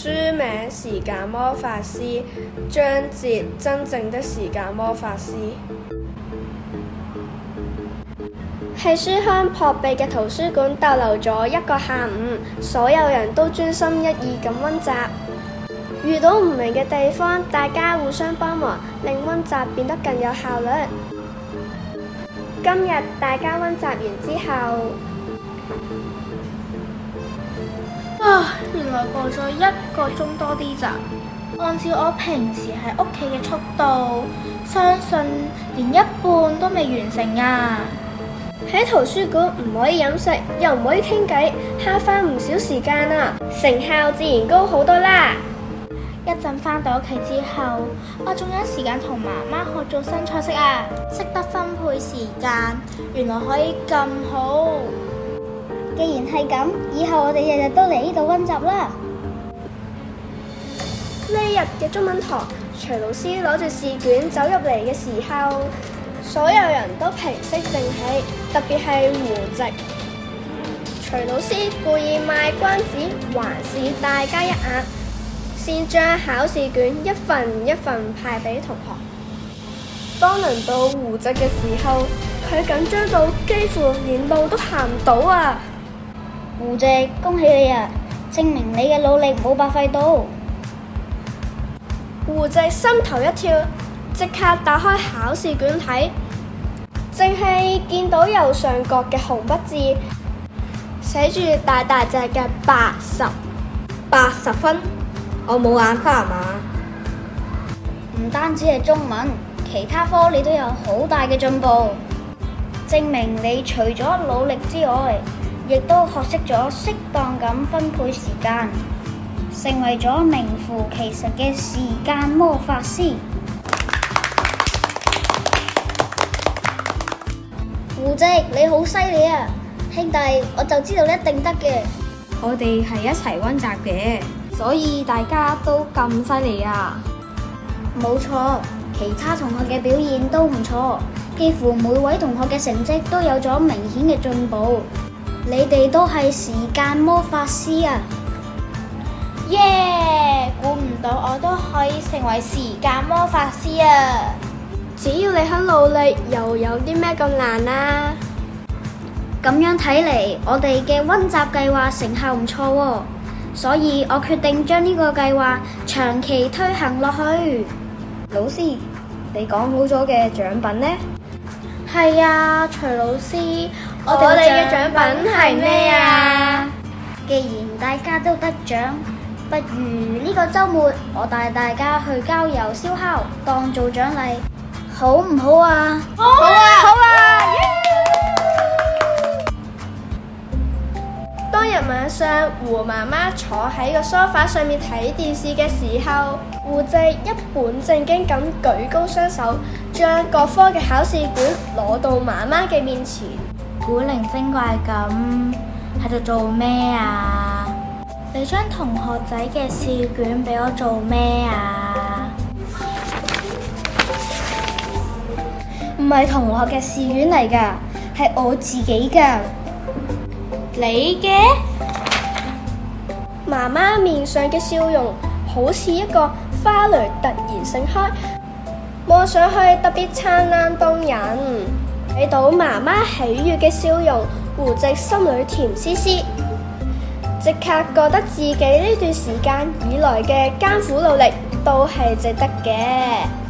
書名：時間魔法師，章節：真正的時間魔法師。喺書香撲鼻嘅圖書館逗留咗一個下午，所有人都專心一意咁溫習。遇到唔明嘅地方，大家互相幫忙，令溫習變得更有效率。今日大家溫習完之後。啊！原來過咗一個鐘多啲咋？按照我平時喺屋企嘅速度，相信連一半都未完成啊！喺圖書館唔可以飲食，又唔可以傾偈，慳翻唔少時間啊！成效自然高好多啦！一陣返到屋企之後，我仲有時間同媽媽學做新菜式啊！識得分配時間，原來可以咁好。既然係咁，以後我哋日日都嚟呢度温習啦。呢日嘅中文堂，徐老師攞住試卷走入嚟嘅時候，所有人都平息靜氣，特別係胡直。徐老師故意賣關子，環視大家一眼先將考試卷一份一份派俾同學。當輪到胡直嘅時候，佢緊張到幾乎連路都行唔到啊！胡直，恭喜你啊！證明你嘅努力冇白費到。胡直心頭一跳，即刻打開考試卷睇，淨係見到右上角嘅紅筆字，寫住大大隻嘅八十八十分，我冇眼花係嘛？唔單止係中文，其他科你都有好大嘅進步，證明你除咗努力之外。亦都學識咗適當咁分配時間，成為咗名副其實嘅時間魔法師。胡直，你好犀利啊！兄弟，我就知道你一定得嘅。我哋係一齊溫習嘅，所以大家都咁犀利啊！冇錯，其他同學嘅表現都唔錯，幾乎每位同學嘅成績都有咗明顯嘅進步。你哋都係時間魔法師啊！耶，估唔到我都可以成為時間魔法師啊！只要你肯努力，又有啲咩咁難啊？咁樣睇嚟，我哋嘅溫習計劃成效唔錯喎，所以我決定將呢個計劃長期推行落去。老師，你講好咗嘅獎品呢？係啊，徐老師。我哋嘅獎品係咩啊？既然大家都得獎，不如呢個周末我帶大家去郊遊燒烤，當做獎勵，好唔好啊？好啊！好啊！當日晚上，胡媽媽坐喺個梳化上面睇電視嘅時候，胡仔一本正經咁舉高雙手，將各科嘅考試卷攞到媽媽嘅面前。古靈精怪咁喺度做咩啊？你將同學仔嘅試卷俾我做咩啊？唔係同學嘅試卷嚟噶，係我自己噶。你嘅？媽媽面上嘅笑容好似一個花蕾突然盛開，望上去特別燦爛動人。睇到媽媽喜悅嘅笑容，胡直心裏甜絲絲，即刻覺得自己呢段時間以來嘅艱苦努力都係值得嘅。